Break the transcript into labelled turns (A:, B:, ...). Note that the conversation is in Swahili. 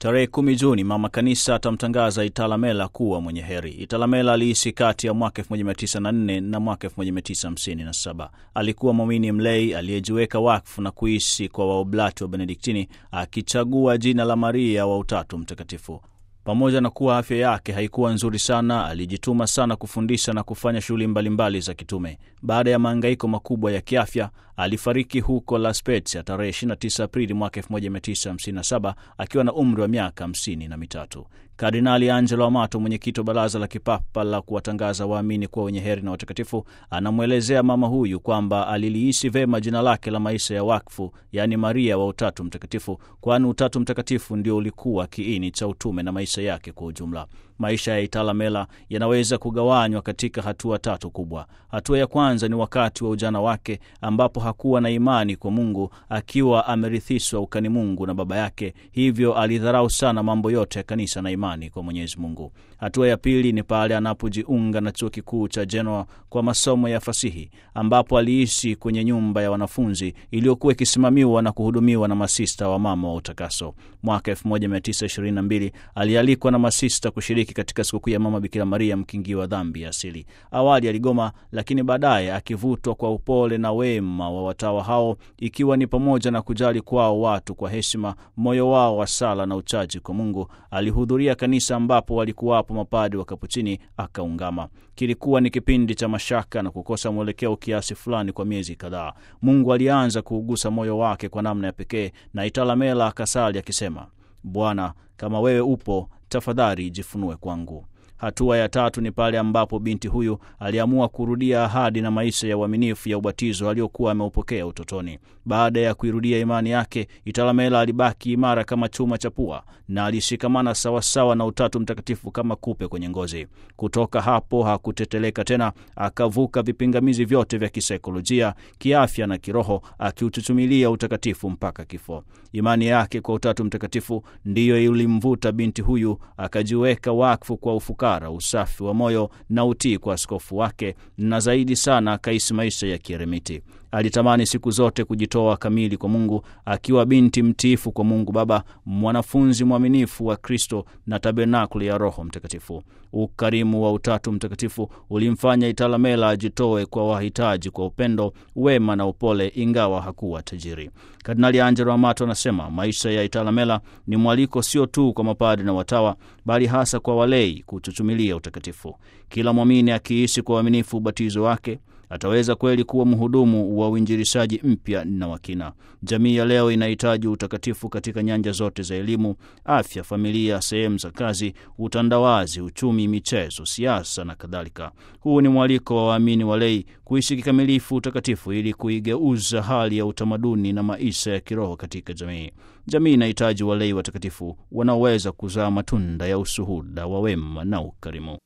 A: Tarehe kumi Juni mama kanisa atamtangaza Italamela kuwa mwenye heri. Italamela aliishi kati ya mwaka tisa na mwaka 1957. Alikuwa mwamini mlei aliyejiweka wakfu na kuishi kwa waoblati wa Benediktini, akichagua jina la Maria wa Utatu Mtakatifu. Pamoja na kuwa afya yake haikuwa nzuri sana, alijituma sana kufundisha na kufanya shughuli mbalimbali za kitume. Baada ya maangaiko makubwa ya kiafya, alifariki huko La tarehe 29 Aprili mwaka 1957 akiwa na umri wa miaka 5 na mitatu. Kardinali Angelo Amato, mwenyekiti wa baraza la kipapa la kuwatangaza waamini kuwa wenye heri na watakatifu, anamwelezea mama huyu kwamba aliliishi vema jina lake la maisha ya wakfu, yaani Maria wa Utatu Mtakatifu, kwani Utatu Mtakatifu ndio ulikuwa kiini cha utume na maisha yake kwa ujumla maisha ya Italamela yanaweza kugawanywa katika hatua tatu kubwa. Hatua ya kwanza ni wakati wa ujana wake, ambapo hakuwa na imani kwa Mungu, akiwa amerithishwa ukani Mungu na baba yake, hivyo alidharau sana mambo yote ya kanisa na imani kwa Mwenyezi Mungu. Hatua ya pili ni pale anapojiunga na chuo kikuu cha jenoa kwa masomo ya fasihi, ambapo aliishi kwenye nyumba ya wanafunzi iliyokuwa ikisimamiwa na kuhudumiwa na masista wa mama wa utakaso. Mwaka 1922 alialikwa na masista kushiriki kushiriki katika sikukuu ya Mama Bikira Maria, mkingi wa dhambi asili. Awali aligoma, lakini baadaye akivutwa kwa upole na wema wa watawa hao, ikiwa ni pamoja na kujali kwao watu kwa heshima, moyo wao wa sala na uchaji kwa Mungu, alihudhuria kanisa ambapo walikuwapo mapadi wa Kapuchini akaungama. Kilikuwa ni kipindi cha mashaka na kukosa mwelekeo kiasi fulani kwa miezi kadhaa. Mungu alianza kuugusa moyo wake kwa namna ya pekee, na Italamela akasali akisema Bwana, kama wewe upo, tafadhali jifunue kwangu. Hatua ya tatu ni pale ambapo binti huyu aliamua kurudia ahadi na maisha ya uaminifu ya ubatizo aliyokuwa ameupokea utotoni. Baada ya kuirudia imani yake, Italamela alibaki imara kama chuma cha pua na alishikamana sawasawa na Utatu Mtakatifu kama kupe kwenye ngozi. Kutoka hapo hakuteteleka tena, akavuka vipingamizi vyote vya kisaikolojia, kiafya na kiroho, akiuchuchumilia utakatifu mpaka kifo. Imani yake kwa Utatu Mtakatifu ndiyo ilimvuta binti huyu, akajiweka wakfu kwa ufuka tohara, usafi wa moyo na utii kwa askofu wake, na zaidi sana akaishi maisha ya kieremiti. Alitamani siku zote kujitoa kamili kwa Mungu, akiwa binti mtiifu kwa Mungu Baba, mwanafunzi mwaminifu wa Kristo na tabernakuli ya Roho Mtakatifu. Ukarimu wa Utatu Mtakatifu ulimfanya Italamela ajitoe kwa wahitaji kwa upendo, wema na upole, ingawa hakuwa tajiri. Kardinali Angelo Amato anasema maisha ya Italamela ni mwaliko sio tu kwa mapadri na watawa, bali hasa kwa walei kuchuchumilia utakatifu. Kila mwamini akiishi kwa uaminifu ubatizo wake ataweza kweli kuwa mhudumu wa uinjirishaji mpya na wakina. Jamii ya leo inahitaji utakatifu katika nyanja zote za elimu, afya, familia, sehemu za kazi, utandawazi, uchumi, michezo, siasa na kadhalika. Huu ni mwaliko wa waamini walei kuishi kikamilifu utakatifu ili kuigeuza hali ya utamaduni na maisha ya kiroho katika jamii. Jamii inahitaji walei watakatifu wanaoweza kuzaa matunda ya ushuhuda wa wema na ukarimu.